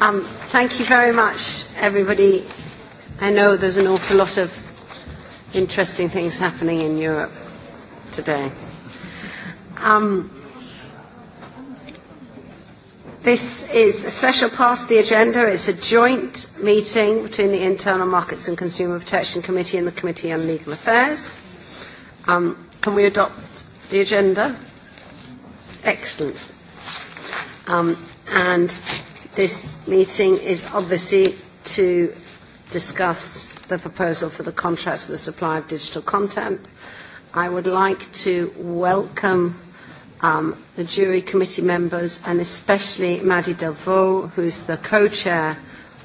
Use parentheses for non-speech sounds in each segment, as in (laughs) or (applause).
Um, thank you very much, everybody. I know there's an awful lot of interesting things happening in Europe today. Um, this is a special part of the agenda. It's a joint meeting between the Internal Markets and Consumer Protection Committee and the Committee on Legal Affairs. Um, can we adopt the agenda? Excellent. Um, and. This meeting is obviously to discuss the proposal for the contracts for the supply of digital content. I would like to welcome um, the jury committee members and especially Maddie Delvaux, who's the co-chair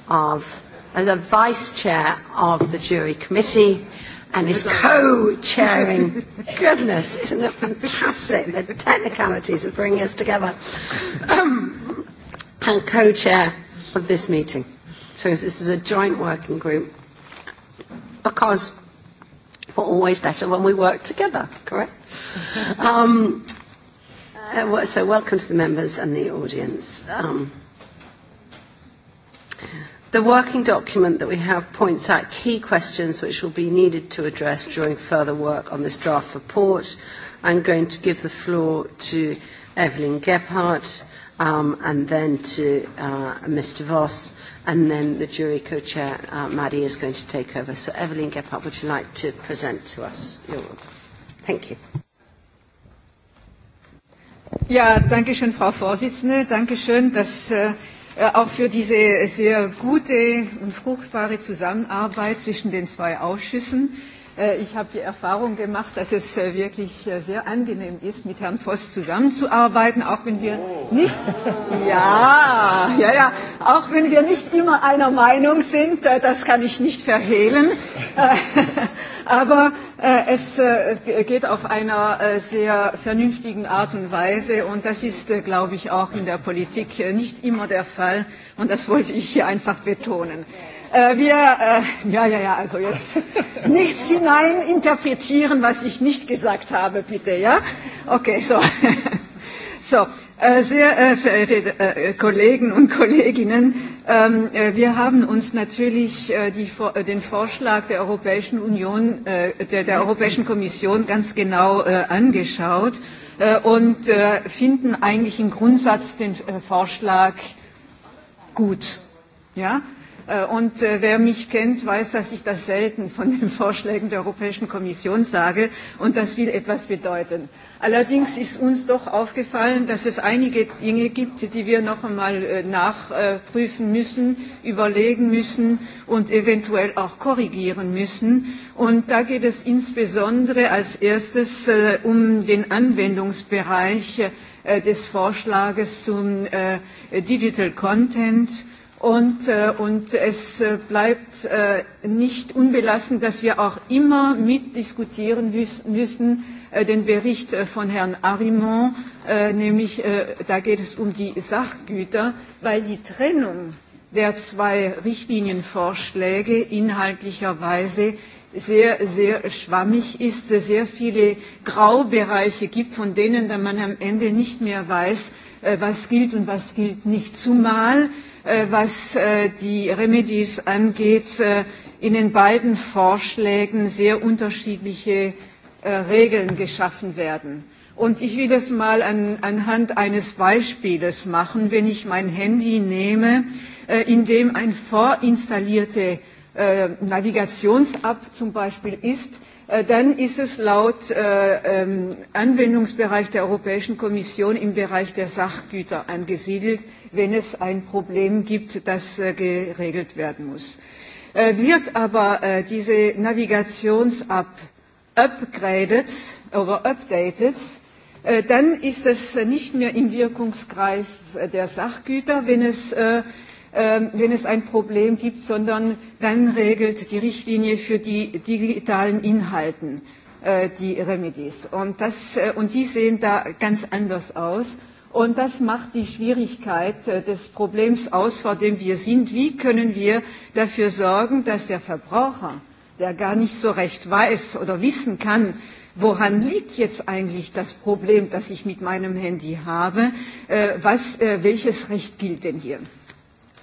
of, as a vice-chair of the jury committee and is co-chairing. (laughs) Goodness, isn't it fantastic the technicalities that bring us together? Um, and co-chair of this meeting. So this is a joint working group because we're always better when we work together, correct? (laughs) um, uh, so welcome to the members and the audience. Um, the working document that we have points out key questions which will be needed to address during further work on this draft report. I'm going to give the floor to Evelyn Gephardt, um, and then to uh, Mr. Voss, and then the jury co-chair, uh, Maddie, is going to take over. So, Evelyn Gephardt, would you like to present to us your Thank you. Ja, danke schön, Frau Vorsitzende. Danke schön, dass äh, auch für diese sehr gute und fruchtbare Zusammenarbeit zwischen den zwei Ausschüssen. Äh, ich habe die Erfahrung gemacht, dass es äh, wirklich äh, sehr angenehm ist, mit Herrn Voss zusammenzuarbeiten, auch wenn wir oh. nicht, (laughs) ja, ja, ja, auch wenn wir nicht immer einer Meinung sind, das kann ich nicht verhehlen. (laughs) Aber es geht auf einer sehr vernünftigen Art und Weise und das ist, glaube ich, auch in der Politik nicht immer der Fall und das wollte ich hier einfach betonen. Äh, wir, äh, ja, ja, ja, also jetzt (laughs) nichts hineininterpretieren, was ich nicht gesagt habe, bitte, ja? Okay, so. (laughs) so, äh, sehr äh, verehrte äh, Kollegen und Kolleginnen, ähm, äh, wir haben uns natürlich äh, die, äh, den Vorschlag der Europäischen Union, äh, der, der Europäischen Kommission ganz genau äh, angeschaut äh, und äh, finden eigentlich im Grundsatz den äh, Vorschlag gut, ja? Äh, und äh, wer mich kennt, weiß, dass ich das selten von den (laughs) Vorschlägen der Europäischen Kommission sage. Und das will etwas bedeuten. Allerdings ist uns doch aufgefallen, dass es einige Dinge gibt, die wir noch einmal äh, nachprüfen müssen, überlegen müssen und eventuell auch korrigieren müssen. Und da geht es insbesondere als erstes um den Anwendungsbereich des Vorschlages zum Digital Content. Und, äh, und es äh, bleibt äh, nicht unbelassen, dass wir auch immer mitdiskutieren müssen äh, den Bericht äh, von Herrn Arimont, äh, nämlich äh, da geht es um die Sachgüter, weil die Trennung der zwei Richtlinienvorschläge inhaltlicherweise sehr, sehr schwammig ist, sehr viele Graubereiche gibt, von denen dann man am Ende nicht mehr weiß, äh, was gilt und was gilt nicht. Zumal, äh, was äh, die Remedies angeht, in den beiden Vorschlägen sehr unterschiedliche Regeln geschaffen werden. Und ich will das mal an, anhand eines Beispiels machen. Wenn ich mein Handy nehme, in dem ein vorinstallierter Äh, Navigations-App zum Beispiel ist, äh, dann ist es laut äh, ähm, Anwendungsbereich der Europäischen Kommission im Bereich der Sachgüter angesiedelt, wenn es ein Problem gibt, das geregelt werden muss. Wird aber diese Navigations-App upgraded oder updated, dann ist es nicht mehr im Wirkungskreis der Sachgüter, wenn es äh, Ähm, wenn es ein Problem gibt, sondern dann regelt die Richtlinie für die digitalen Inhalte äh, die Remedies. Und, das, äh, und die sehen da ganz anders aus. Und das macht die Schwierigkeit äh, des Problems aus, vor dem wir sind. Wie können wir dafür sorgen, dass der Verbraucher, der gar nicht so recht weiß oder wissen kann, woran liegt jetzt eigentlich das Problem, das ich mit meinem Handy habe, was, welches Recht gilt denn hier?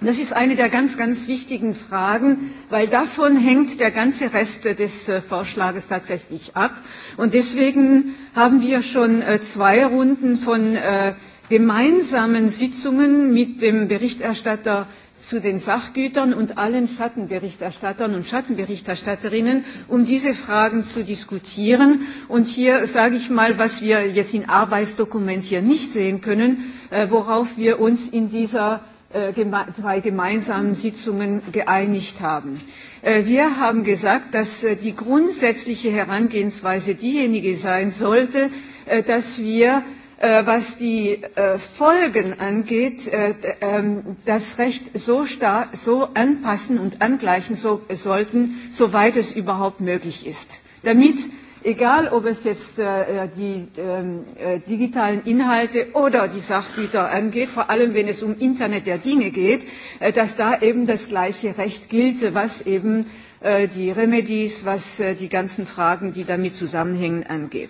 Das ist eine der ganz, ganz wichtigen Fragen, weil davon hängt der ganze Rest des äh, Vorschlages tatsächlich ab. Und deswegen haben wir schon äh, zwei Runden von äh, gemeinsamen Sitzungen mit dem Berichterstatter zu den Sachgütern und allen Schattenberichterstattern und Schattenberichterstatterinnen, um diese Fragen zu diskutieren. Und hier sage ich mal, was wir jetzt in Arbeitsdokument hier nicht sehen können, worauf wir uns in dieser äh, Äh, zwei gemeinsamen Sitzungen geeinigt haben. Äh, wir haben gesagt, dass äh, die grundsätzliche Herangehensweise diejenige sein sollte, dass wir, was die Folgen angeht, ähm, das Recht so, star so anpassen und angleichen so sollten, soweit es überhaupt möglich ist, damit egal ob es jetzt äh, die ähm, äh, digitalen Inhalte oder die Sachgüter angeht, vor allem wenn es um Internet der Dinge geht, äh, dass da eben das gleiche Recht gilt, was eben äh, die Remedies, was äh, die ganzen Fragen, die damit zusammenhängen, angeht.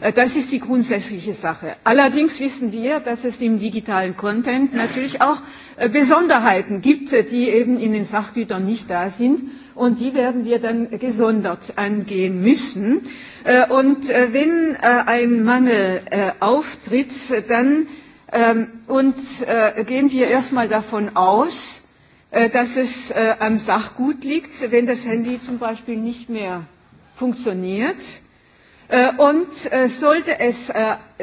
Äh, das ist die grundsätzliche Sache. Allerdings wissen wir, dass es im digitalen Content natürlich auch äh, Besonderheiten gibt, äh, die eben in den Sachgütern nicht da sind und die werden wir dann gesondert angehen müssen. Äh, und äh, wenn äh, ein Mangel auftritt, dann ähm, und gehen wir erstmal davon aus, dass es am Sachgut liegt, wenn das Handy zum Beispiel nicht mehr funktioniert. Und sollte es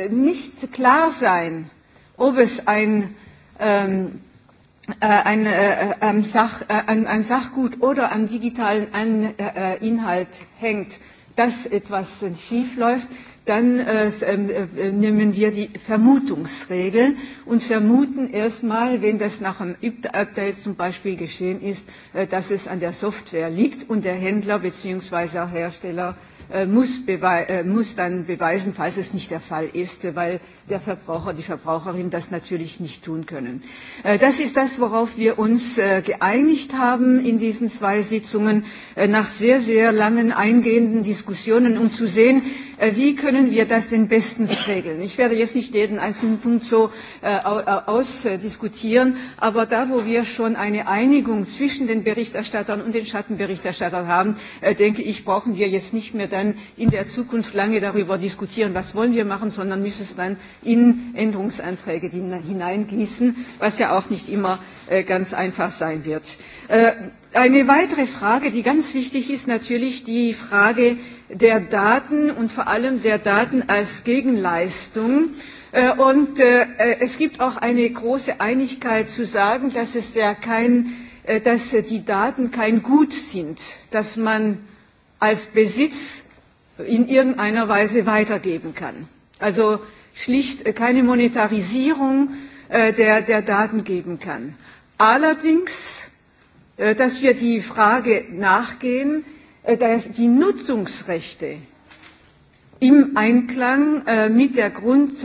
nicht klar sein, ob es ein ähm, eine, äh, ein, äh, äh, Sach, äh, ein, ein Sachgut oder am digitalen ein, äh, Inhalt hängt, dass etwas schief läuft, dann äh, äh, äh, nehmen wir die Vermutungsregel und vermuten erstmal, wenn das nach einem Update zum Beispiel geschehen ist, äh, dass es an der Software liegt und der Händler bzw. Hersteller äh, muss, äh, muss dann beweisen, falls es nicht der Fall ist, äh, weil der Verbraucher, die Verbraucherin das natürlich nicht tun können. Äh, das ist das, worauf wir uns äh, geeinigt haben in diesen zwei Sitzungen äh, nach sehr, sehr langen eingehenden Diskussionen, um zu sehen, wie können wir das denn bestens regeln. Ich werde jetzt nicht jeden einzelnen Punkt so ausdiskutieren, aber da, wo wir schon eine Einigung zwischen den Berichterstattern und den Schattenberichterstattern haben, denke ich, brauchen wir jetzt nicht mehr dann in der Zukunft lange darüber diskutieren, was wollen wir machen, sondern müssen es dann in Änderungsanträge hineingießen, was ja auch nicht immer äh, ganz einfach sein wird. Äh, eine weitere Frage, die ganz wichtig ist, natürlich die Frage der Daten und vor allem der Daten als Gegenleistung. Äh, und es gibt auch eine große Einigkeit zu sagen, dass, es ja kein, dass die Daten kein Gut sind, dass man als Besitz in irgendeiner Weise weitergeben kann. Also schlicht äh, keine Monetarisierung äh, der, der Daten geben kann. Allerdings, äh, dass wir die Frage nachgehen, dass die Nutzungsrechte im Einklang mit der, Grund,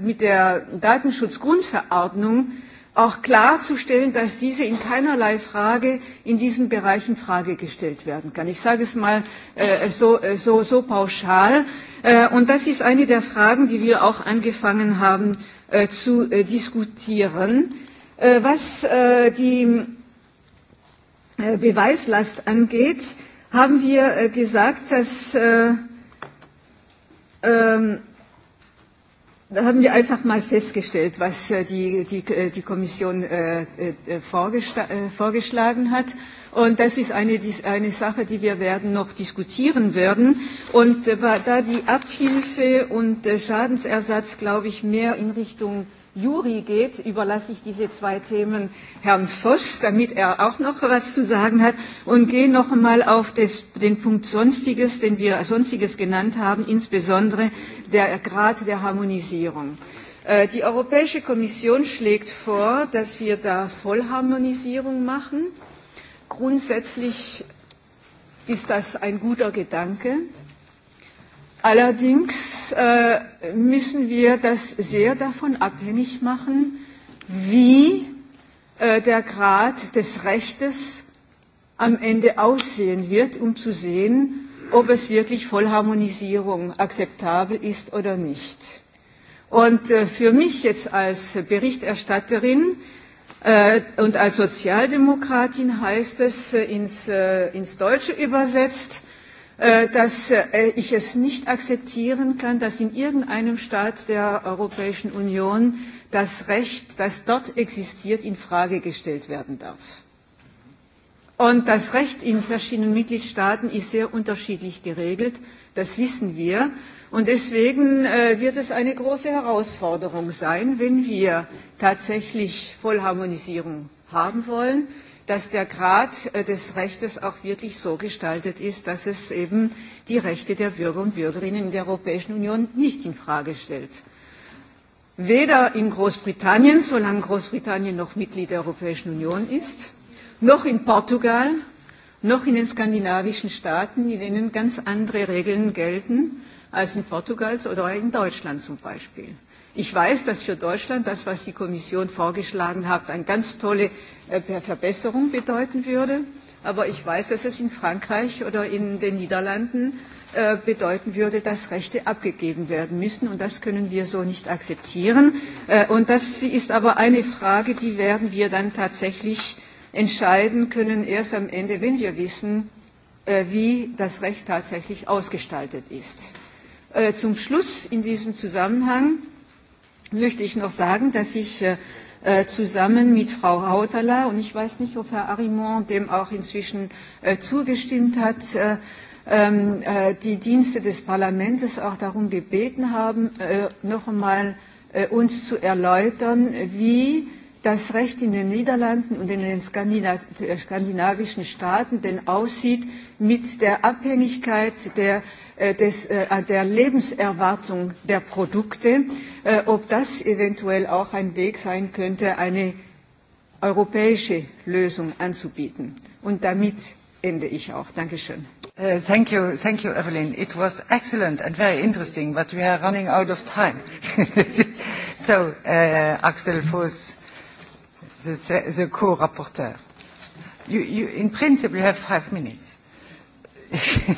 mit der Datenschutzgrundverordnung auch klarzustellen, dass diese in keinerlei Frage in diesen Bereichen Frage gestellt werden kann. Ich sage es mal äh, so, äh, so, so pauschal. Äh, und das ist eine der Fragen, die wir auch angefangen haben äh, zu äh, diskutieren. Äh, was äh, die äh, Beweislast angeht, haben wir äh, gesagt, dass äh, äh, Da haben wir einfach mal festgestellt, was äh, die, die, äh, die Kommission äh, vorgeschlagen hat. Und das ist eine, eine Sache, die wir werden noch diskutieren werden. Und da die Abhilfe und Schadensersatz, glaube ich, mehr in Richtung Juri geht, überlasse ich diese zwei Themen Herrn Voss, damit er auch noch was zu sagen hat und gehe noch einmal auf das, den Punkt Sonstiges, den wir Sonstiges genannt haben, insbesondere der Grad der Harmonisierung. Äh, die Europäische Kommission schlägt vor, dass wir da Vollharmonisierung machen. Grundsätzlich ist das ein guter Gedanke, Allerdings äh, müssen wir das sehr davon abhängig machen, wie äh, der Grad des Rechtes am Ende aussehen wird, um zu sehen, ob es wirklich Vollharmonisierung akzeptabel ist oder nicht. Und äh, für mich jetzt als Berichterstatterin äh, und als Sozialdemokratin heißt es äh, ins, äh, ins Deutsche übersetzt, äh, Äh, dass äh, ich es nicht akzeptieren kann, dass in irgendeinem Staat der Europäischen Union das Recht, das dort existiert, in Frage gestellt werden darf. Und das Recht in verschiedenen Mitgliedstaaten ist sehr unterschiedlich geregelt, das wissen wir. Und deswegen äh, wird es eine große Herausforderung sein, wenn wir tatsächlich Vollharmonisierung haben wollen, dass der Grad äh, des Rechtes auch wirklich so gestaltet ist, dass es eben die Rechte der Bürger und Bürgerinnen in der Europäischen Union nicht infrage stellt. Weder in Großbritannien, solange Großbritannien noch Mitglied der Europäischen Union ist, noch in Portugal, noch in den skandinavischen Staaten, in denen ganz andere Regeln gelten als in Portugal oder in Deutschland zum Beispiel. Ich weiß, dass für Deutschland das, was die Kommission vorgeschlagen hat, eine ganz tolle äh, Verbesserung bedeuten würde. Aber ich weiß, dass es in Frankreich oder in den Niederlanden äh, bedeuten würde, dass Rechte abgegeben werden müssen. Und das können wir so nicht akzeptieren. Äh, und das ist aber eine Frage, die werden wir dann tatsächlich entscheiden können, erst am Ende, wenn wir wissen, wie das Recht tatsächlich ausgestaltet ist. Zum Schluss in diesem Zusammenhang möchte ich noch sagen, dass ich äh, zusammen mit Frau Hautala und ich weiß nicht, ob Herr Arimont dem auch inzwischen äh, zugestimmt hat, äh, ähm, die Dienste des Parlaments auch darum gebeten haben, noch einmal uns zu erläutern, wie das Recht in den Niederlanden und in den skandinavischen Staaten denn aussieht mit der Abhängigkeit der äh, Äh, des, äh, der Lebenserwartung der Produkte, äh, ob das eventuell auch ein Weg sein könnte, eine europäische Lösung anzubieten. Und damit ende ich auch. Dankeschön. Uh, thank you, thank you, Evelyn. It was excellent and very interesting, but we are running out of time. (laughs) so, uh, Axel Voss, the, the co-rapporteur. You, you, in principle, you have five minutes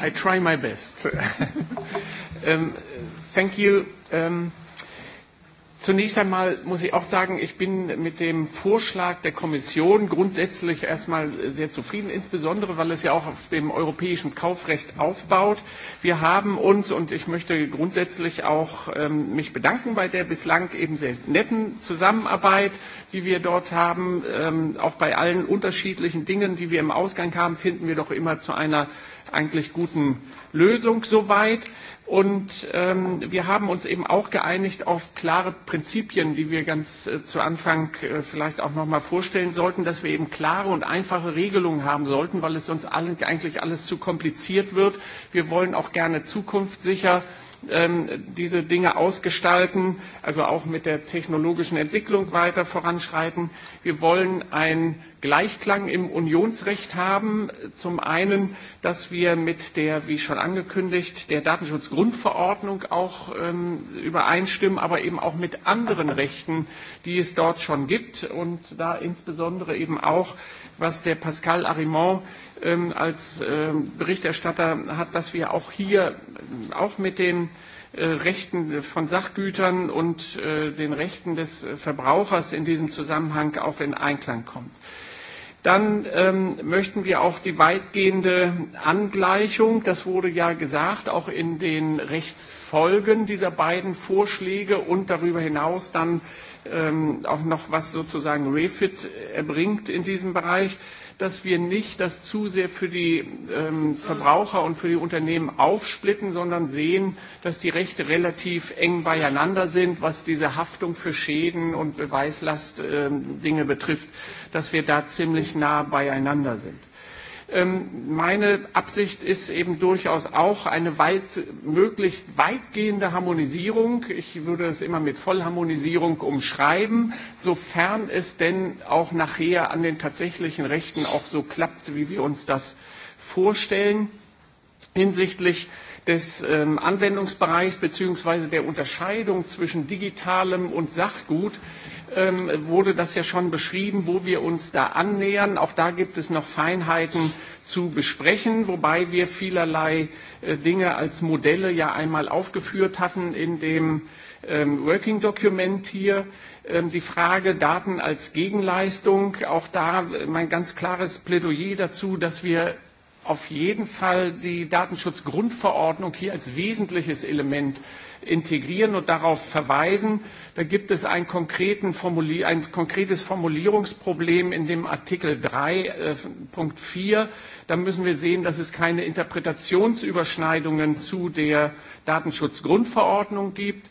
i try my best. (laughs) um, thank you. Um, Zunächst einmal muss ich auch sagen, ich bin mit dem Vorschlag der Kommission grundsätzlich erstmal sehr zufrieden, insbesondere weil es ja auch auf dem europäischen Kaufrecht aufbaut. Wir haben uns und ich möchte grundsätzlich auch ähm, mich bedanken bei der bislang eben sehr netten Zusammenarbeit, die wir dort haben. Ähm, auch bei allen unterschiedlichen Dingen, die wir im Ausgang haben, finden wir doch immer zu einer eigentlich guten Lösung soweit. Und ähm, wir haben uns eben auch geeinigt auf klare Prinzipien, die wir ganz äh, zu Anfang äh, vielleicht auch nochmal vorstellen sollten, dass wir eben klare und einfache Regelungen haben sollten, weil es uns allen eigentlich alles zu kompliziert wird. Wir wollen auch gerne zukunftssicher äh, ähm, diese Dinge ausgestalten, also auch mit der technologischen Entwicklung weiter voranschreiten. Wir wollen einen Gleichklang im Unionsrecht haben. Zum einen, dass wir mit der, wie schon angekündigt, der Datenschutzgrundverordnung auch ähm, übereinstimmen, aber eben auch mit anderen Rechten, die es dort schon gibt und da insbesondere eben auch, was der Pascal Arimont ähm, als äh, Berichterstatter hat, dass wir auch hier äh, auch mit den äh, Rechten von Sachgütern und äh, den Rechten des äh, Verbrauchers in diesem Zusammenhang auch in Einklang kommen. Dann ähm, möchten wir auch die weitgehende Angleichung, das wurde ja gesagt, auch in den Rechtsfolgen dieser beiden Vorschläge und darüber hinaus dann äh, ähm, auch noch was sozusagen Refit erbringt in diesem Bereich, dass wir nicht das zu sehr für die ähm, Verbraucher und für die Unternehmen aufsplitten, sondern sehen, dass die Rechte relativ eng beieinander sind, was diese Haftung für Schäden und Beweislast ähm, Dinge betrifft, dass wir da ziemlich nah beieinander sind. Ähm, meine Absicht ist eben durchaus auch eine weit, möglichst weitgehende Harmonisierung. Ich würde es immer mit Vollharmonisierung umschreiben, sofern es denn auch nachher an den tatsächlichen Rechten auch so klappt, wie wir uns das vorstellen hinsichtlich des ähm, Anwendungsbereichs bzw. der Unterscheidung zwischen digitalem und Sachgut ähm, wurde das ja schon beschrieben, wo wir uns da annähern. Auch da gibt es noch Feinheiten zu besprechen, wobei wir vielerlei äh, Dinge als Modelle ja einmal aufgeführt hatten in dem ähm, Working Document hier. Ähm, die Frage Daten als Gegenleistung, auch da äh, mein ganz klares Plädoyer dazu, dass wir auf jeden Fall die Datenschutzgrundverordnung hier als wesentliches Element äh, integrieren und darauf verweisen. Da gibt es ein, konkreten Formuli ein konkretes Formulierungsproblem in dem Artikel 3.4. Äh, da müssen wir sehen, dass es keine Interpretationsüberschneidungen zu der Datenschutzgrundverordnung gibt.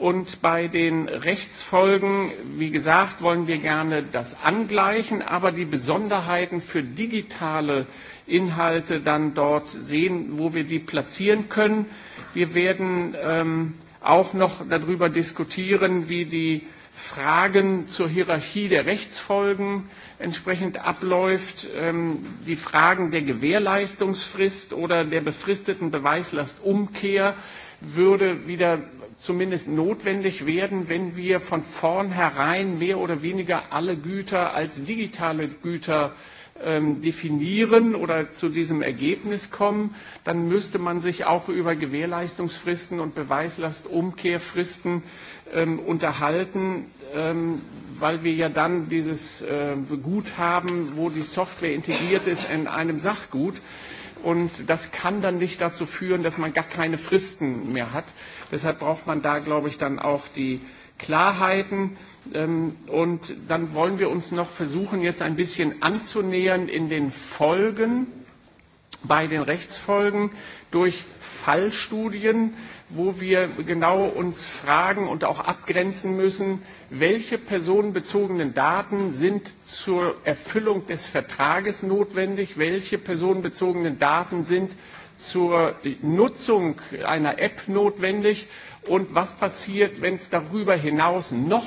Und bei den Rechtsfolgen, wie gesagt, wollen wir gerne das angleichen, aber die Besonderheiten für digitale Inhalte dann dort sehen, wo wir die platzieren können. Wir werden ähm, auch noch darüber diskutieren, wie die Fragen zur Hierarchie der Rechtsfolgen entsprechend abläuft, ähm, die Fragen der Gewährleistungsfrist oder der befristeten Beweislastumkehr würde wieder zumindest notwendig werden, wenn wir von vornherein mehr oder weniger alle Güter als digitale Güter ähm, definieren oder zu diesem Ergebnis kommen, dann müsste man sich auch über Gewährleistungsfristen und Beweislastumkehrfristen ähm, unterhalten, ähm, weil wir ja dann dieses äh, Guthaben, wo die Software integriert ist, in einem Sachgut, äh, und das kann dann nicht dazu führen, dass man gar keine Fristen mehr hat. Deshalb braucht man da, glaube ich, dann auch die Klarheiten. Ähm, und dann wollen wir uns noch versuchen, jetzt ein bisschen anzunähern in den Folgen bei den Rechtsfolgen durch Fallstudien wo wir genau uns fragen und auch abgrenzen müssen, welche personenbezogenen Daten sind zur Erfüllung des Vertrages notwendig, welche personenbezogenen Daten sind zur Nutzung einer App notwendig und was passiert, wenn es darüber hinaus noch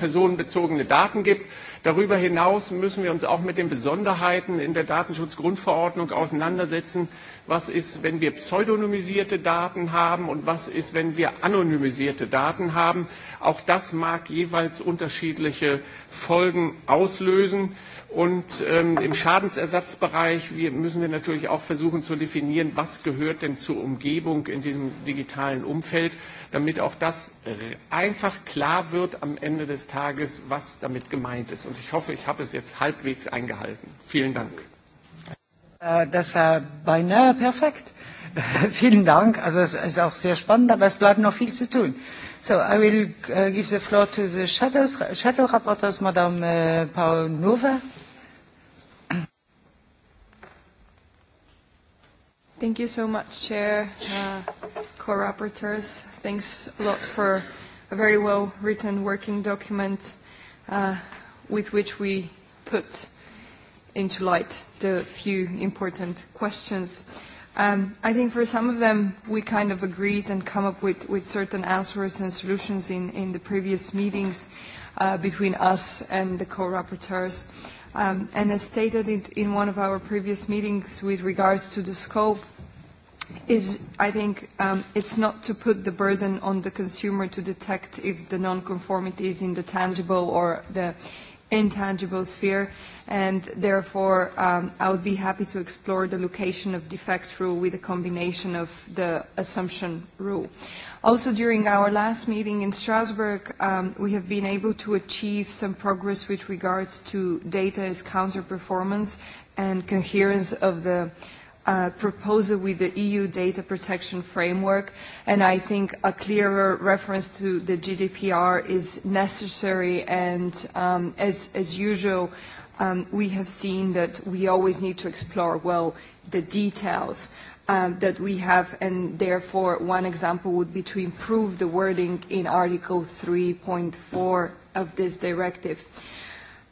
personenbezogene Daten gibt. Darüber hinaus müssen wir uns auch mit den Besonderheiten in der Datenschutzgrundverordnung auseinandersetzen. Was ist, wenn wir pseudonymisierte Daten haben und was ist, wenn wir anonymisierte Daten haben? Auch das mag jeweils unterschiedliche Folgen auslösen. Und ähm, im Schadensersatzbereich wir, müssen wir natürlich auch versuchen zu definieren, was gehört denn zur Umgebung in diesem digitalen Umfeld, damit auch das einfach klar wird am Ende des Tages, was damit gemeint ist. Und ich hoffe, ich habe es jetzt halbwegs eingehalten. Vielen Dank. Äh, das war beinahe perfekt. (laughs) Vielen Dank. Also es ist auch sehr spannend, aber es bleibt noch viel zu tun. So, I will uh, give the floor to the shadows, shadow rapporteurs, Madame uh, Paul Nova. Thank you so much, Chair, uh, co-rapporteurs. Thanks a lot for a very well-written working document uh, with which we put into light the few important questions. Um, I think for some of them, we kind of agreed and come up with, with certain answers and solutions in, in the previous meetings. Uh, Uh, between us and the co-rapporteurs. Um, and as stated in, in one of our previous meetings with regards to the scope, is I think um, it's not to put the burden on the consumer to detect if the non-conformity is in the tangible or the intangible sphere, and therefore um, I would be happy to explore the location of defect rule with a combination of the assumption rule. Also, during our last meeting in Strasbourg, um, we have been able to achieve some progress with regards to data's counter-performance and coherence of the uh, uh, proposal with the EU data protection framework, and I think a clearer reference to the GDPR is necessary. And um, as, as usual, um, we have seen that we always need to explore well the details um, that we have, and therefore, one example would be to improve the wording in Article 3.4 of this directive.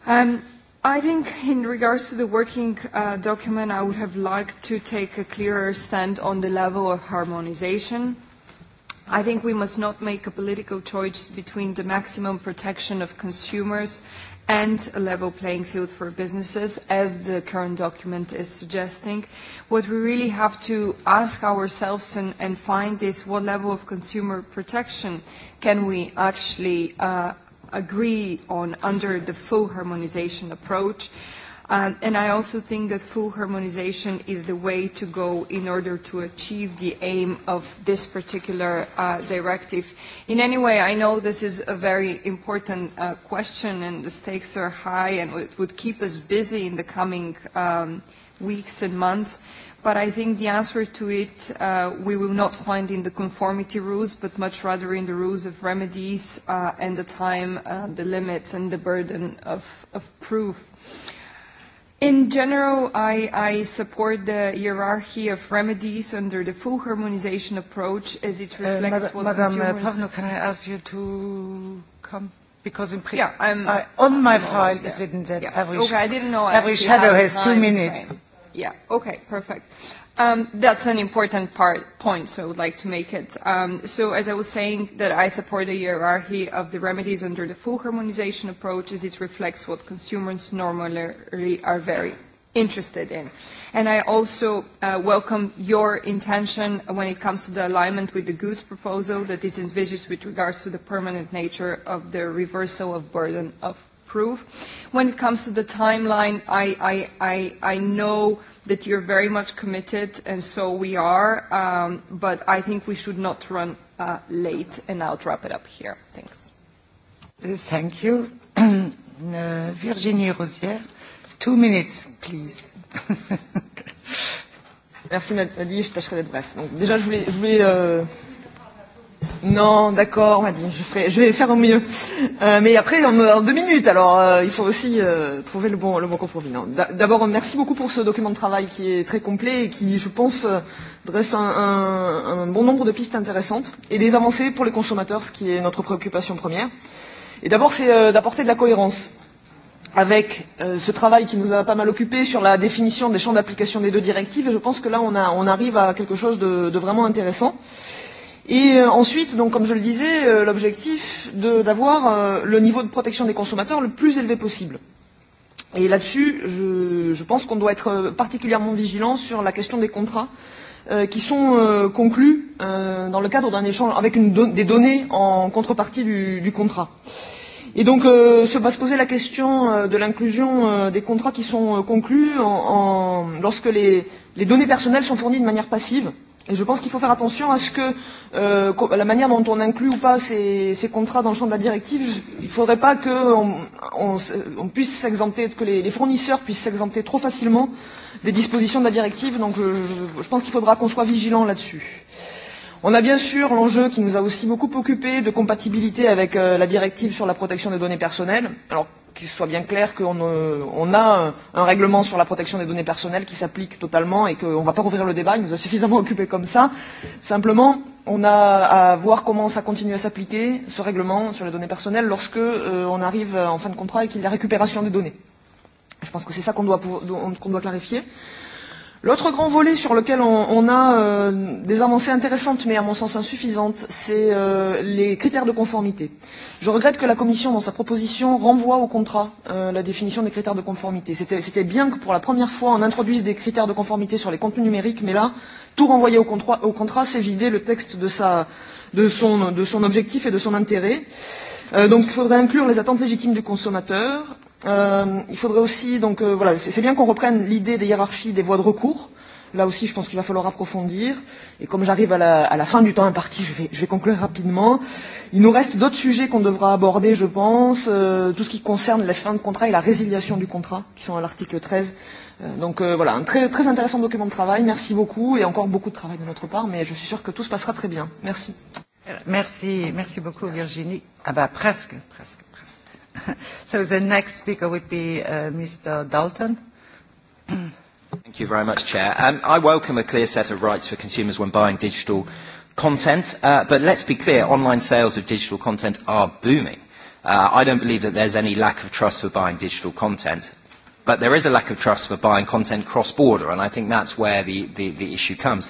Um, I think in regards to the working uh, document, I would have liked to take a clearer stand on the level of harmonization. I think we must not make a political choice between the maximum protection of consumers and a level playing field for businesses, as the current document is suggesting. What we really have to ask ourselves and, and find is what level of consumer protection can we actually uh, agree on under the full harmonization approach. Um, and I also think that full harmonization is the way to go in order to achieve the aim of this particular uh, directive. In any way, I know this is a very important uh, question and the stakes are high and it would keep us busy in the coming um, weeks and months. Uh, but I think the answer to it uh, we will not find in the conformity rules, but much rather in the rules of remedies uh, and the time, uh, the limits, and the burden of, of proof. In general, I, I support the hierarchy of remedies under the full harmonization approach as it uh, reflects uh, what Madam consumers... Madam Pavlov, can I ask you to come? Because in pre yeah, I'm, I, on my I'm file it's written that yeah. every, okay, I didn't know every shadow has two minutes. Time yeah okay perfect um, that's an important part point so i would like to make it um, so as i was saying that i support the hierarchy of the remedies under the full harmonization approach as it reflects what consumers normally are very interested in and i also uh, welcome your intention when it comes to the alignment with the goods proposal that is envisaged with regards to the permanent nature of the reversal of burden of prove. When it comes to the timeline, I, I, I, I know that you're very much committed, and so we are, um, but I think we should not run uh, late, and I'll wrap it up here. Thanks. Uh, thank you. (clears throat) uh, Virginie Rosier, two minutes, please. (laughs) Merci, Maddy. Je tâcherai d'être bref. Donc, déjà, je voulais, je voulais euh, Non, d'accord, je, je vais faire au mieux. Euh, mais après, en, en deux minutes, alors euh, il faut aussi euh, trouver le bon, le bon compromis. D'abord, merci beaucoup pour ce document de travail qui est très complet et qui, je pense, euh, dresse un, un, un bon nombre de pistes intéressantes et des avancées pour les consommateurs, ce qui est notre préoccupation première. Et d'abord, c'est euh, d'apporter de la cohérence avec euh, ce travail qui nous a pas mal occupé sur la définition des champs d'application des deux directives. Et je pense que là, on, a, on arrive à quelque chose de, de vraiment intéressant. Euh, Et euh, ensuite, donc, comme je le disais, euh, l'objectif d'avoir euh, le niveau de protection des consommateurs le plus élevé possible. Et là-dessus, je, je pense qu'on doit être particulièrement vigilant sur la question des contrats euh, qui sont euh, conclus euh, dans le cadre d'un échange avec une do des données en contrepartie du, du contrat. Et donc, euh, se va se poser la question euh, de l'inclusion euh, des contrats qui sont euh, conclus en, en, lorsque les, les données personnelles sont fournies de manière passive, euh, Et je pense qu'il faut faire attention à ce que euh, la manière dont on inclut ou pas ces, ces contrats dans le champ de la directive, il ne faudrait pas que on, on, on puisse s'exempter, que les, les fournisseurs puissent s'exempter trop facilement des dispositions de la directive. Donc je, je, je pense qu'il faudra qu'on soit vigilant là-dessus. Euh, On a bien sûr l'enjeu qui nous a aussi beaucoup occupé de compatibilité avec euh, la directive sur la protection des données personnelles. Alors qu'il soit bien clair qu'on euh, on a un règlement sur la protection des données personnelles qui s'applique totalement et qu'on ne va pas rouvrir le débat, il nous a suffisamment (laughs) occupé comme ça. Simplement, on a à voir comment ça continue à s'appliquer, ce règlement sur les données personnelles, lorsque euh, on arrive en fin de contrat et qu'il y a la récupération des données. Je pense que c'est ça qu'on doit, qu doit clarifier. Euh, L'autre grand volet sur lequel on, on a euh, des avancées intéressantes, mais à mon sens insuffisantes, c'est euh, les critères de conformité. Je regrette que la Commission, dans sa proposition, renvoie au contrat euh, la définition des critères de conformité. C'était bien que pour la première fois, on introduise des critères de conformité sur les contenus numériques, mais là, tout renvoyer au, au contrat, c'est vider le texte de, sa, de, son, de son objectif et de son intérêt. Euh, donc il faudrait inclure les attentes légitimes du consommateur, Euh, il faudrait aussi, donc euh, voilà, c'est bien qu'on reprenne l'idée des hiérarchies des voies de recours. Là aussi, je pense qu'il va falloir approfondir. Et comme j'arrive à la, à la fin du temps imparti, je vais, je vais conclure rapidement. Il nous reste d'autres sujets qu'on devra aborder, je pense. Euh, tout ce qui concerne la fin de contrat et la résiliation du contrat, qui sont à l'article 13. Euh, donc euh, voilà, un très, très intéressant document de travail. Merci beaucoup. Et encore beaucoup de travail de notre part. Mais je suis sûre que tout se passera très bien. Merci. Merci. Merci beaucoup, Virginie. Ah bah, presque, presque. (laughs) The next speaker would be uh, Mr. Dalton. Thank you very much, Chair. Um, I welcome a clear set of rights for consumers when buying digital content. Uh, let's be clear, online sales of digital content are booming. Uh, I don't believe that there's any lack of trust for buying digital content, but there is a lack of trust for buying content cross-border, and I think that's where the issue comes.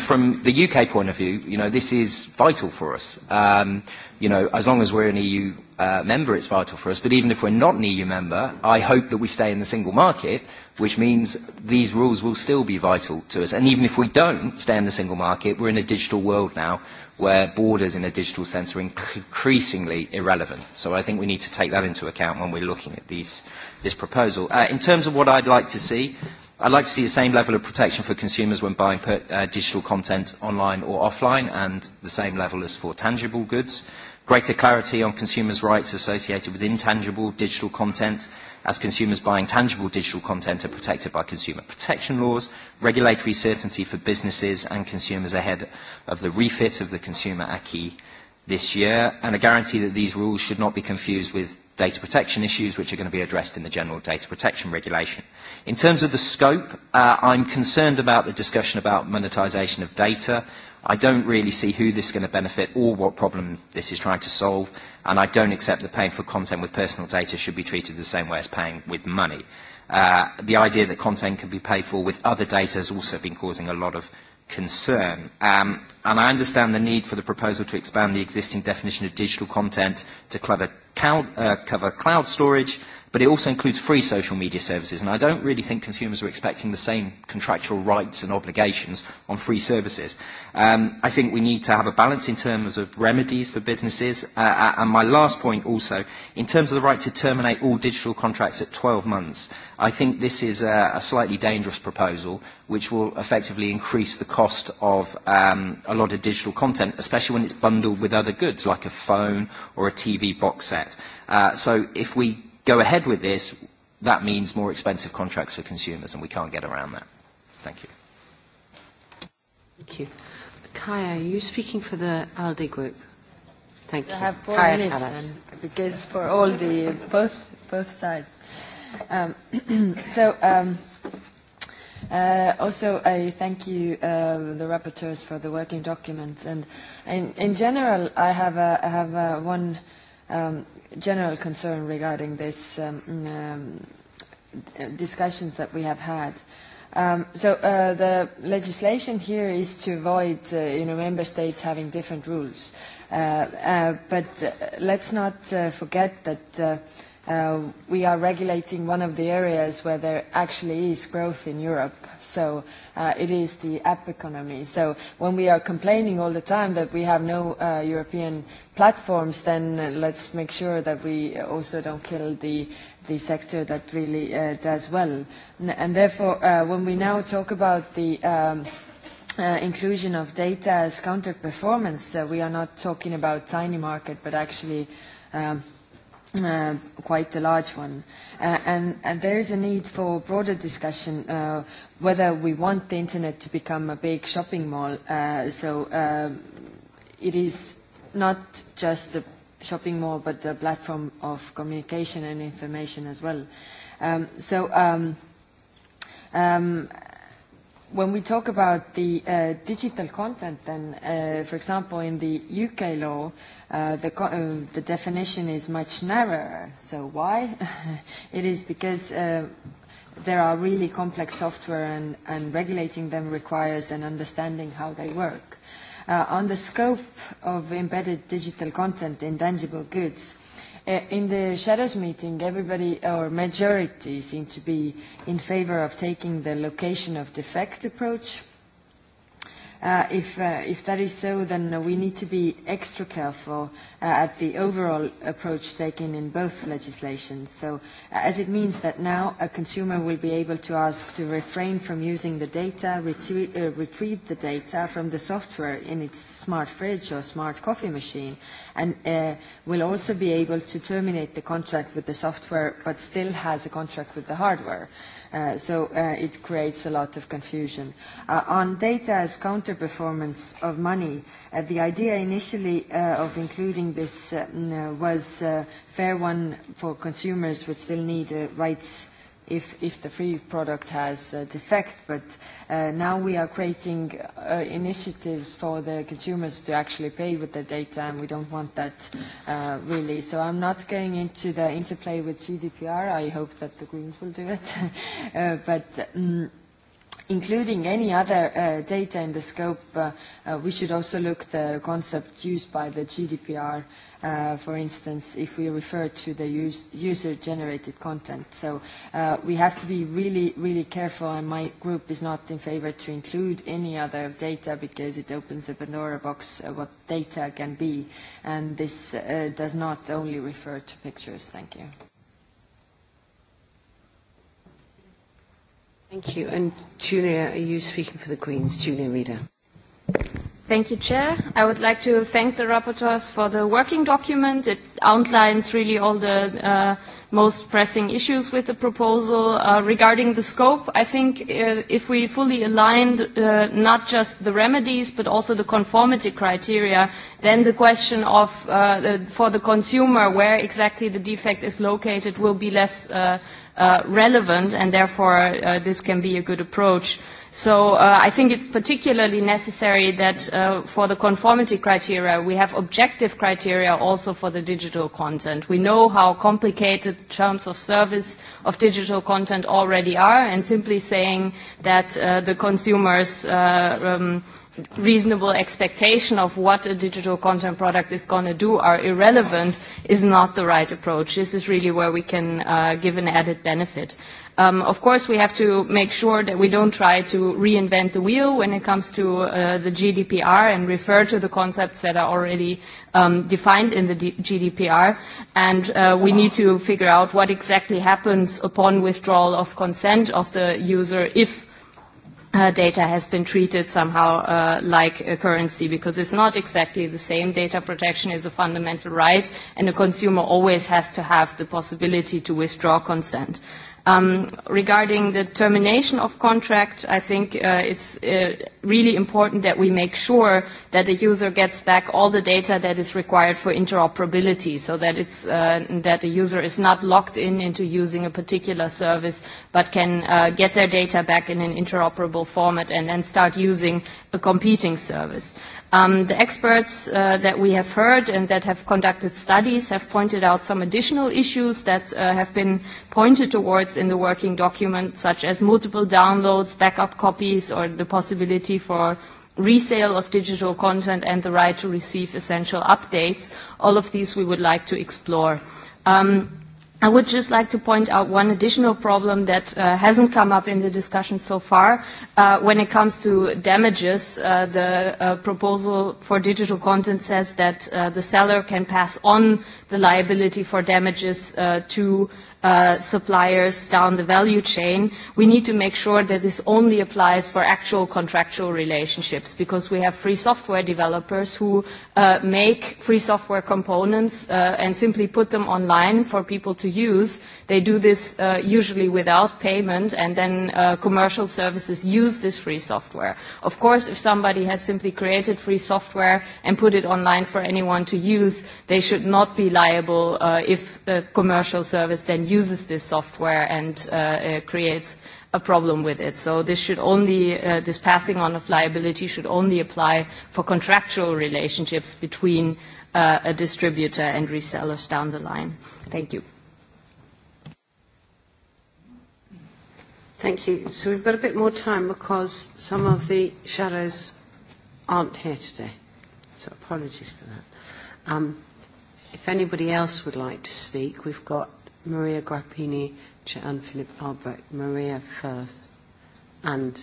From the U.K. point of view, this is vital for us. Um, you know, as long as we're an EU uh, member, it's vital for us. But even if we're not an EU member, I hope that we stay in the single market, which means these rules will still be vital to us. And even if we don't stay in the single market, we're in a digital world now where borders in a digital sense are inc- increasingly irrelevant. So I think we need to take that into account when we're looking at these, this proposal. Uh, in terms of what I'd like to see, I'd like to see the same level of protection for consumers when buying per, uh, digital content online or offline and the same level as for tangible goods greater clarity on consumers' rights associated with intangible digital content, as consumers buying tangible digital content are protected by consumer protection laws, regulatory certainty for businesses and consumers ahead of the refit of the consumer acquis this year, and a guarantee that these rules should not be confused with data protection issues, which are going to be addressed in the general data protection regulation. In terms of the scope, uh, I'm concerned about the discussion about monetization of data, I don't really see who this is going to benefit or what problem this is trying to solve, and I don't accept that paying for content with personal data should be treated the same way as paying with money. Uh, the idea that content can be paid for with other data has also been causing a lot of concern. Um, and I understand the need for the proposal to expand the existing definition of digital content to clever cal- uh, cover cloud storage, but it also includes free social media services. And I don't really think consumers are expecting the same contractual rights and obligations on free services. Um, I think we need to have a balance in terms of remedies for businesses. Uh, uh and my last point also, in terms of the right to terminate all digital contracts at 12 months, I think this is a, a slightly dangerous proposal, which will effectively increase the cost of um, a lot of digital content, especially when it's bundled with other goods, like a phone or a TV box set. Uh, so if we go ahead with this, that means more expensive contracts for consumers, and we can't get around that. Thank you. Thank you. Kaya, are you speaking for the ALDE group? Thank you. I have four Kaya minutes then, because for all the both, both sides. Um, (clears throat) so, um, uh, also, I thank you, uh, the rapporteurs, for the working documents. And in, in general, I have, a, I have a one um, general concern regarding this um, mm, um, discussions that we have had. Um, so uh, the legislation here is to avoid uh, you know, member states having different rules. Uh, uh, but uh, let's not uh, forget that uh, Uh, we are regulating one of the areas where there actually is growth in Europe. So uh, it is the app economy. So when we are complaining all the time that we have no uh, European platforms, then uh, let's make sure that we also don't kill the, the sector that really uh, does well. And, and therefore, uh, when we now talk about the um, uh, inclusion of data as counter-performance, uh, we are not talking about tiny market, but actually... Um, Uh, quite a large one. Uh, and, and there is a need for broader discussion uh, whether we want the internet to become a big shopping mall. Uh, so uh, it is not just a shopping mall, but a platform of communication and information as well. Um, so um, um, when we talk about the uh, digital content, then, uh, for example, in the UK law, uh, Uh, the, co uh, the definition is much narrower. So why? (laughs) it is because uh, there are really complex software and, and regulating them requires an understanding how they work. Uh, on the scope of embedded digital content in tangible goods, uh, in the shadows meeting, everybody or majority seemed to be in favor of taking the location of defect approach. Uh, uh, if that is so, then uh, we need to be extra careful uh, at the overall approach taken in both legislations. So uh, as it means that now a consumer will be able to ask to refrain from using the data, retrie uh, retrieve the data from the software in its smart fridge or smart coffee machine, and uh, will also be able to terminate the contract with the software but still has a contract with the hardware. Uh, so uh, it creates a lot of confusion. Uh, on data as counterperformance of money, uh, the idea initially uh, of including this uh, was a uh, fair one for consumers who still need uh, rights uh, if the free product has a defect. But uh, now we are creating uh, initiatives for the consumers to actually pay with the data, and we don't want that uh, really. So I'm not going into the interplay with GDPR. I hope that the Greens will do it. (laughs) uh, but. Um, including any other uh, data in the scope, uh, uh, we should also look the concept used by the GDPR, uh, for instance, if we refer to the user-generated content. So uh, we have to be really, really careful, and my group is not in favor to include any other data because it opens a Pandora box uh, what data can be, and this uh, does not only refer to pictures. Thank you. Thank you. And Julia, are you speaking for the Greens? Julia Reader. Thank you, Chair. I would like to thank the rapporteurs for the working document. It outlines really all the uh, most pressing issues with the proposal. Uh, regarding the scope, I think uh, if we fully aligned uh, not just the remedies but also the conformity criteria, then the question of uh, the, for the consumer where exactly the defect is located will be less uh, Uh, relevant, and therefore uh, this can be a good approach. So uh, I think it's particularly necessary that uh, for the conformity criteria, we have objective criteria also for the digital content. We know how complicated the terms of service of digital content already are, and simply saying that uh, the consumers uh, um, reasonable expectation of what a digital content product is going to do are irrelevant is not the right approach. This is really where we can uh, give an added benefit. Um, of course, we have to make sure that we don't try to reinvent the wheel when it comes to uh, the GDPR and refer to the concepts that are already um, defined in the D- GDPR. And uh, we need to figure out what exactly happens upon withdrawal of consent of the user if uh, data has been treated somehow uh, like a currency because it's not exactly the same. Data protection is a fundamental right and a consumer always has to have the possibility to withdraw consent. Um, regarding the termination of contract, I think uh, it's uh, really important that we make sure that the user gets back all the data that is required for interoperability so that, it's, uh, that the user is not locked in into using a particular service but can uh, get their data back in an interoperable format and then start using a competing service. Um, the experts uh, that we have heard and that have conducted studies have pointed out some additional issues that uh, have been pointed towards in the working document, such as multiple downloads, backup copies, or the possibility for resale of digital content and the right to receive essential updates. All of these we would like to explore. Um, I would just like to point out one additional problem that uh, hasn't come up in the discussion so far. Uh, when it comes to damages, uh, the uh, proposal for digital content says that uh, the seller can pass on the liability for damages uh, to uh, Uh, suppliers down the value chain, we need to make sure that this only applies for actual contractual relationships, because we have free software developers who uh, make free software components uh, and simply put them online for people to use. They do this usually without payment, and then commercial services use this free software. Of course, if somebody has simply created free software and put it online for anyone to use, they should not be liable if the commercial service then uses uses this software and uh, uh, creates a problem with it. So this should only, uh, this passing on of liability should only apply for contractual relationships between uh, a distributor and resellers down the line. Thank you. Thank you. So we've got a bit more time because some of the shadows aren't here today. So apologies for that. Um, if anybody else would like to speak, we've got Maria Grappini to Anne Philip Albrecht. Maria first and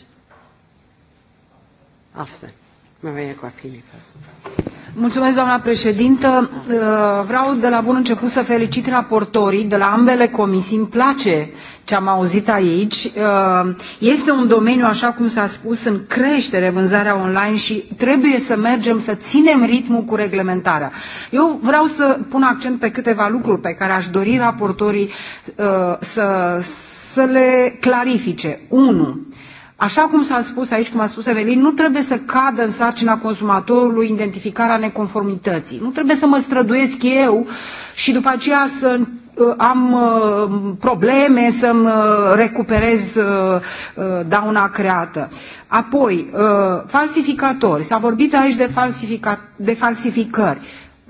after. Mulțumesc, doamna președintă. Uh, vreau de la bun început să felicit raportorii de la ambele comisii. Îmi place ce am auzit aici. Uh, este un domeniu, așa cum s-a spus, în creștere vânzarea online și trebuie să mergem să ținem ritmul cu reglementarea. Eu vreau să pun accent pe câteva lucruri pe care aș dori raportorii uh, să, să le clarifice. Unu, Așa cum s-a spus aici, cum a spus Evelin, nu trebuie să cadă în sarcina consumatorului identificarea neconformității. Nu trebuie să mă străduiesc eu și după aceea să uh, am uh, probleme să-mi uh, recuperez dauna creată. Apoi, falsificatori. S-a vorbit aici de, falsifica, de falsificări.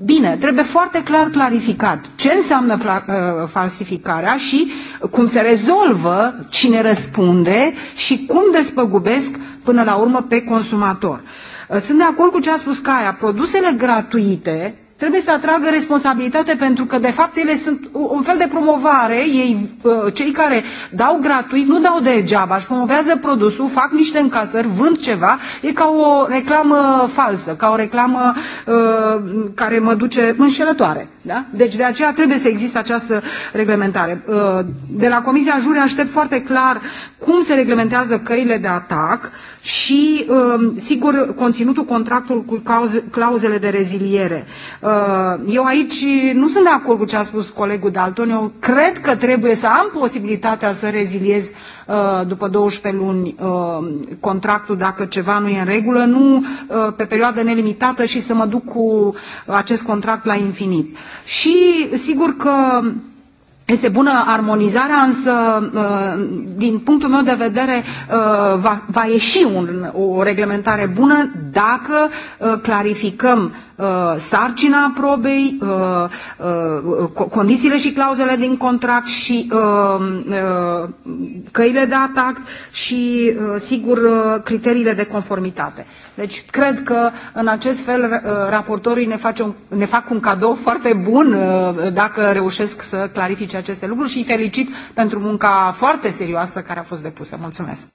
Bine, trebuie foarte clar clarificat ce înseamnă fla- uh, falsificarea și cum se rezolvă, cine răspunde și cum despăgubesc până la urmă pe consumator. Uh, sunt de acord cu ce a spus Caia. Produsele gratuite, trebuie să atragă responsabilitate pentru că, de fapt, ele sunt un fel de promovare. Ei, uh, cei care dau gratuit, nu dau degeaba, își promovează produsul, fac niște încasări, vând ceva, e ca o reclamă falsă, ca o reclamă uh, care mă duce înșelătoare. Da? Deci, de aceea trebuie să existe această reglementare. Uh, de la Comisia Jurii aștept foarte clar cum se reglementează căile de atac. Uh, și, um, sigur, conținutul contractului cu clauzele de reziliere. Uh, eu aici nu sunt de acord cu ce a spus colegul Dalton. Eu cred că trebuie să am posibilitatea să reziliez uh, după 12 luni uh, contractul dacă ceva nu e în regulă, nu pe perioadă nelimitată și să mă duc cu acest contract la infinit. Și, sigur că Este bună armonizarea, însă, uh, din punctul meu de vedere, uh, va, va ieși un, o reglementare bună dacă uh, clarificăm sarcina probei, condițiile și clauzele din contract și căile de atac și, sigur, criteriile de conformitate. Deci cred că în acest fel uh, raportorii ne, face un, ne fac un cadou foarte bun uh, dacă reușesc să clarifice aceste lucruri și îi felicit pentru munca foarte serioasă care a fost depusă. Mulțumesc!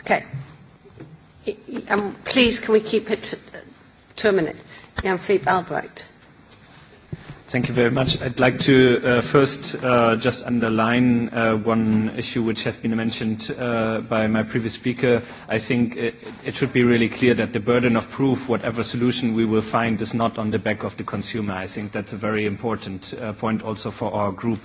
Okay. Um, please, can we keep it to, to a minute? Jan-Philippe Albright. Thank you very much. I'd like to uh, first uh, just underline uh, one issue which has been mentioned uh, by my previous speaker. I think it, it should be really clear that the burden of proof, whatever solution we will find, is not on the back of the consumer. I think that's a very important uh, point also for our group.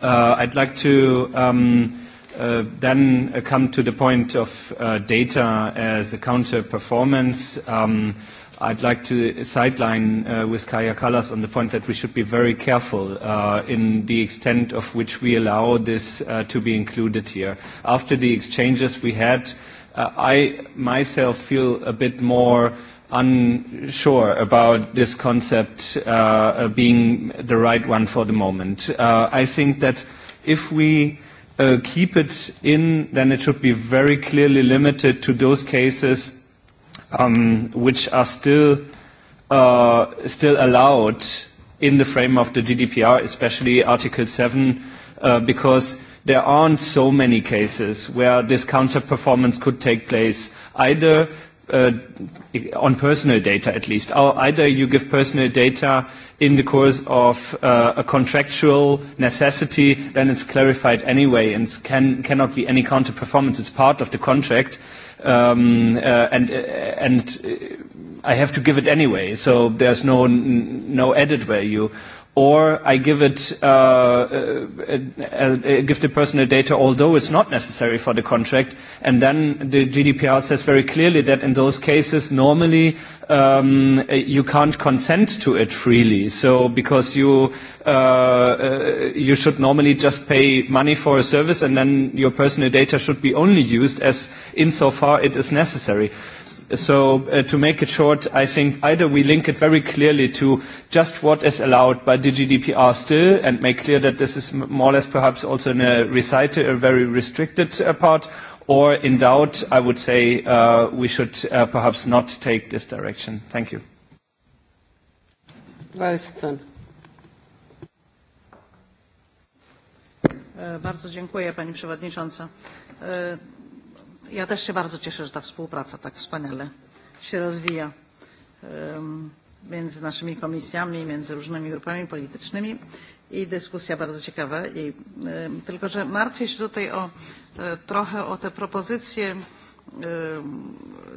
Uh, I'd like to um, uh, then come to the point of uh, data as a counter performance. Um, uh, I'd like to sideline uh, with Kaya Kallas on the point that we should be very careful uh, in the extent of which we allow this uh, to be included here. After the exchanges we had, uh, I myself feel a bit more unsure about this concept uh, uh being the right one for the moment. Uh, I think that if we uh, keep it in, then it should be very clearly limited to those cases um, which are still uh, still allowed in the frame of the GDPR, especially Article 7, uh, because there aren't so many cases where this counter performance could take place, either uh, on personal data at least, or either you give personal data in the course of uh, a contractual necessity, then it's clarified anyway and can, cannot be any counter performance, it's part of the contract um, uh, and, uh, and uh, I have to give it anyway, so there's no, no added value or I give it uh, a, a, a, give the personal data, although it's not necessary for the contract. And then the GDPR says very clearly that in those cases, normally um, you can't consent to it freely. So because you uh, uh, you should normally just pay money for a service, and then your personal data should be only used as insofar it is necessary. So uh, to make it short, I think either we link it very clearly to just what is allowed by the GDPR still and make clear that this is more or less perhaps also in a recital, a very restricted uh, part, or in doubt, I would say uh, we should uh, perhaps not take this direction. Thank you. E, bardzo dziękuję, Pani Przewodnicząca. Uh, Ja też się bardzo cieszę, że ta współpraca tak wspaniale się rozwija między naszymi komisjami, między różnymi grupami politycznymi i dyskusja bardzo ciekawa. I, tylko, że martwię się tutaj o, e, trochę o te propozycje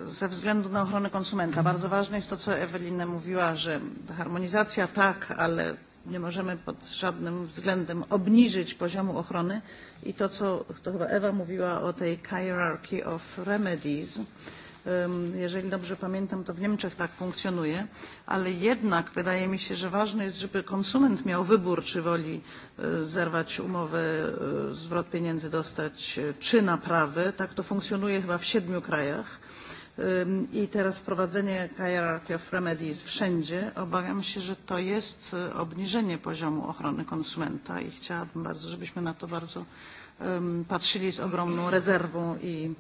ze względu na ochronę konsumenta. Bardzo ważne jest to, co Ewelina mówiła, że harmonizacja tak, ale nie możemy pod żadnym względem obniżyć poziomu ochrony i to, co to chyba Ewa mówiła o tej hierarchy of remedies, jeżeli dobrze pamiętam, to w Niemczech tak funkcjonuje, ale jednak wydaje mi się, że ważne jest, żeby konsument miał wybór, czy woli zerwać umowę, zwrot pieniędzy dostać, czy naprawę. Tak to funkcjonuje chyba w siedmiu krajach i teraz wprowadzenie hierarchy of remedies wszędzie, obawiam się, że to jest obniżenie poziomu ochrony konsumenta i chciałabym bardzo, żebyśmy na to bardzo patrzyli z ogromną rezerwą i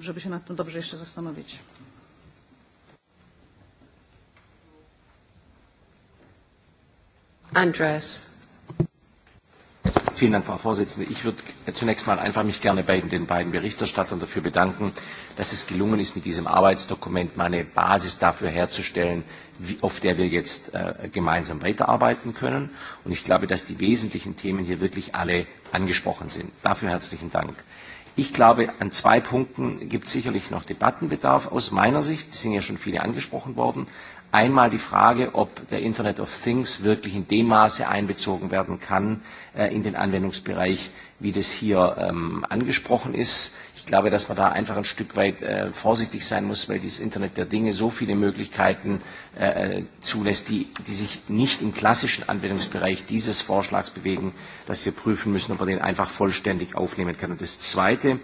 żeby się nad tym dobrze jeszcze zastanowić. Andres. Vielen Dank, Frau Vorsitzende. Ich würde zunächst mal einfach mich gerne bei den beiden Berichterstattern dafür bedanken, dass es gelungen ist, mit diesem Arbeitsdokument mal eine Basis dafür herzustellen, wie, auf der wir jetzt äh, gemeinsam weiterarbeiten können. Und ich glaube, dass die wesentlichen Themen hier wirklich alle angesprochen sind. Dafür herzlichen Dank. Ich glaube, an zwei Punkten gibt es sicherlich noch Debattenbedarf aus meiner Sicht. Es sind ja schon viele angesprochen worden. Einmal die Frage, ob der Internet of Things wirklich in dem Maße einbezogen werden kann äh, in den Anwendungsbereich, wie das hier ähm, angesprochen ist. Ich glaube, dass man da einfach ein Stück weit äh, vorsichtig sein muss, weil dieses Internet der Dinge so viele Möglichkeiten äh, äh zulässt, die, die sich nicht im klassischen Anwendungsbereich dieses Vorschlags bewegen, dass wir prüfen müssen, ob man den einfach vollständig aufnehmen kann. Und das Zweite, äh,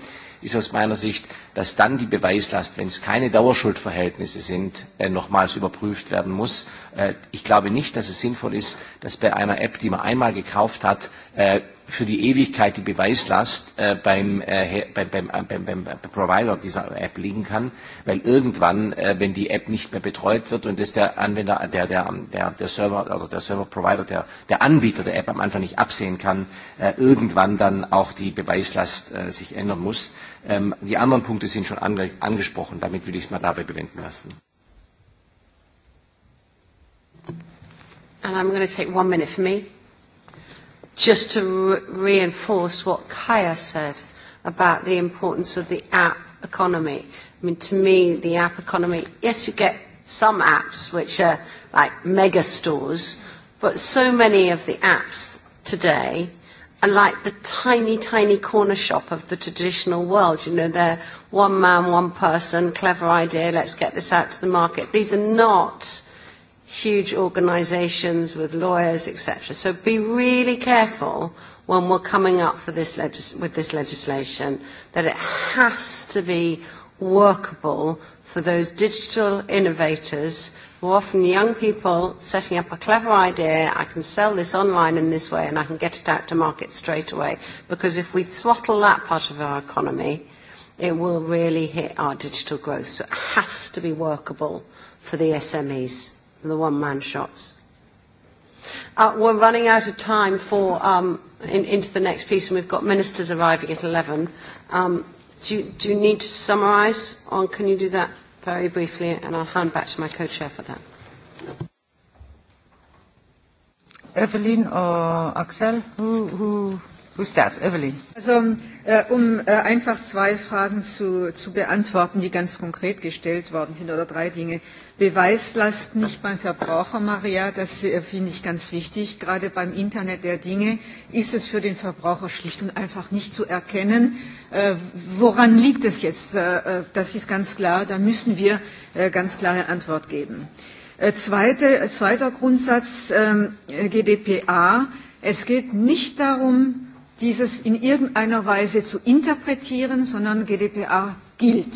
ist aus meiner Sicht, dass dann die Beweislast, wenn es keine Dauerschuldverhältnisse sind, äh, nochmals überprüft werden muss. Äh, ich glaube nicht, dass es sinnvoll ist, dass bei einer App, die man einmal gekauft hat, äh, für die Ewigkeit die Beweislast äh, beim, äh, beim, äh, beim, beim, beim Provider dieser App liegen kann, weil irgendwann, äh, wenn die App nicht mehr betreut wird und es der Anwender, der, der, der, der Server oder der Server-Provider, der, der Anbieter der App am Anfang nicht absehen kann, äh, irgendwann dann auch die Beweislast äh, sich ändern muss. Ähm, die anderen Punkte sind schon ange angesprochen, damit will ich es mal dabei bewenden lassen. And I'm going to take one minute for me just to re- reinforce what Kaya said about the importance of the app economy. I mean, to me, the app economy, yes, you get some apps which are like mega stores, but so many of the apps today are like the tiny, tiny corner shop of the traditional world. You know, they're one man, one person, clever idea, let's get this out to the market. These are not huge organisations with lawyers, etc. So be really careful when we're coming up for this legis- with this legislation that it has to be workable for those digital innovators who are often young people setting up a clever idea. I can sell this online in this way and I can get it out to market straight away. Because if we throttle that part of our economy, it will really hit our digital growth. So it has to be workable for the SMEs the one man shots. Uh, we're running out of time for um, in, into the next piece, and we've got ministers arriving at 11. Um, do, you, do you need to summarize, or can you do that very briefly? And I'll hand back to my co chair for that. Evelyn or Axel? Who, who, who starts? Evelyn. So, um, Äh, um äh, einfach zwei Fragen zu, zu beantworten, die ganz konkret gestellt worden sind, oder drei Dinge. Beweislast nicht beim Verbraucher, Maria, das äh, finde ich ganz wichtig. Gerade beim Internet der Dinge ist es für den Verbraucher schlicht und einfach nicht zu erkennen, woran liegt es jetzt. Das ist ganz klar, da müssen wir ganz klare Antwort geben. Zweite, zweiter Grundsatz, ähm, GDPR. Es geht nicht darum, dieses in irgendeiner Weise zu interpretieren, sondern GDPR gilt.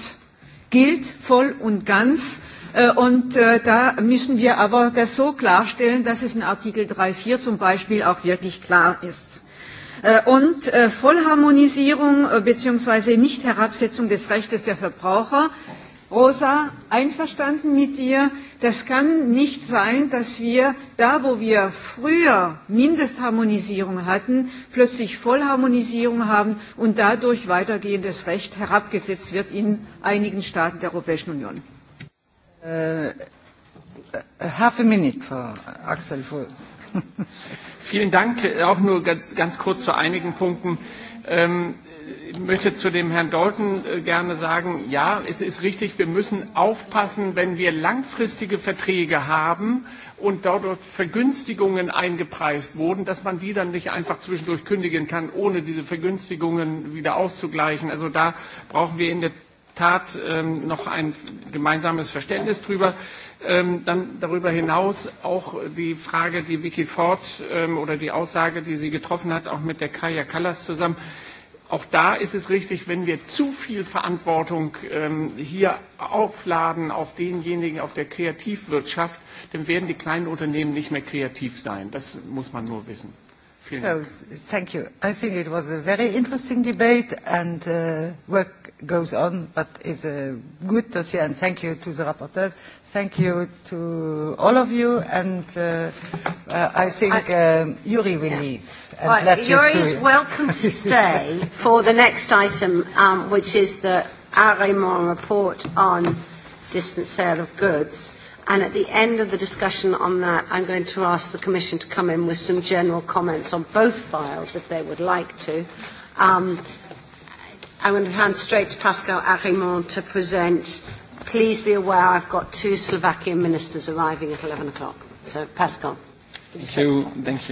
Gilt voll und ganz. Äh, und äh, da müssen wir aber das so klarstellen, dass es in Artikel 3.4 zum Beispiel auch wirklich klar ist. Äh, und Vollharmonisierung bzw. Nichtherabsetzung des Rechtes der Verbraucher Rosa, einverstanden mit dir, das kann nicht sein, dass wir da, wo wir früher Mindestharmonisierung hatten, plötzlich Vollharmonisierung haben und dadurch weitergehendes Recht herabgesetzt wird in einigen Staaten der Europäischen Union. Uh, half a minute for Axel Fuss. Vielen Dank. Auch nur ganz kurz zu einigen Punkten. Ähm, ich möchte zu dem Herrn Dalton äh, gerne sagen, ja, es ist richtig, wir müssen aufpassen, wenn wir langfristige Verträge haben und dort Vergünstigungen eingepreist wurden, dass man die dann nicht einfach zwischendurch kündigen kann, ohne diese Vergünstigungen wieder auszugleichen. Also da brauchen wir in der Tat ähm, noch ein gemeinsames Verständnis drüber. Ähm, dann darüber hinaus auch die Frage, die Vicky Ford ähm, oder die Aussage, die sie getroffen hat, auch mit der Kaya Callas zusammen auch da ist es richtig, wenn wir zu viel Verantwortung ähm, hier aufladen auf denjenigen auf der Kreativwirtschaft, dann werden die kleinen Unternehmen nicht mehr kreativ sein. Das muss man nur wissen thank you. I think it was a very interesting debate and uh, work goes on, but it's a good dossier. And thank you to the rapporteurs. Thank you to all of you. And uh, uh, I think I, um, Yuri will yeah. leave. Right, Yuri is welcome to stay (laughs) for the next item, um, which is the Arrimon report on distant sale of goods. And at the end of the discussion on that, I'm going to ask the Commission to come in with some general comments on both files, if they would like to. Um, I'm going to hand straight to Pascal Arimont to present. Please be aware I've got two Slovakian ministers arriving at 11 o'clock. So, Pascal. Thank you. Thank you.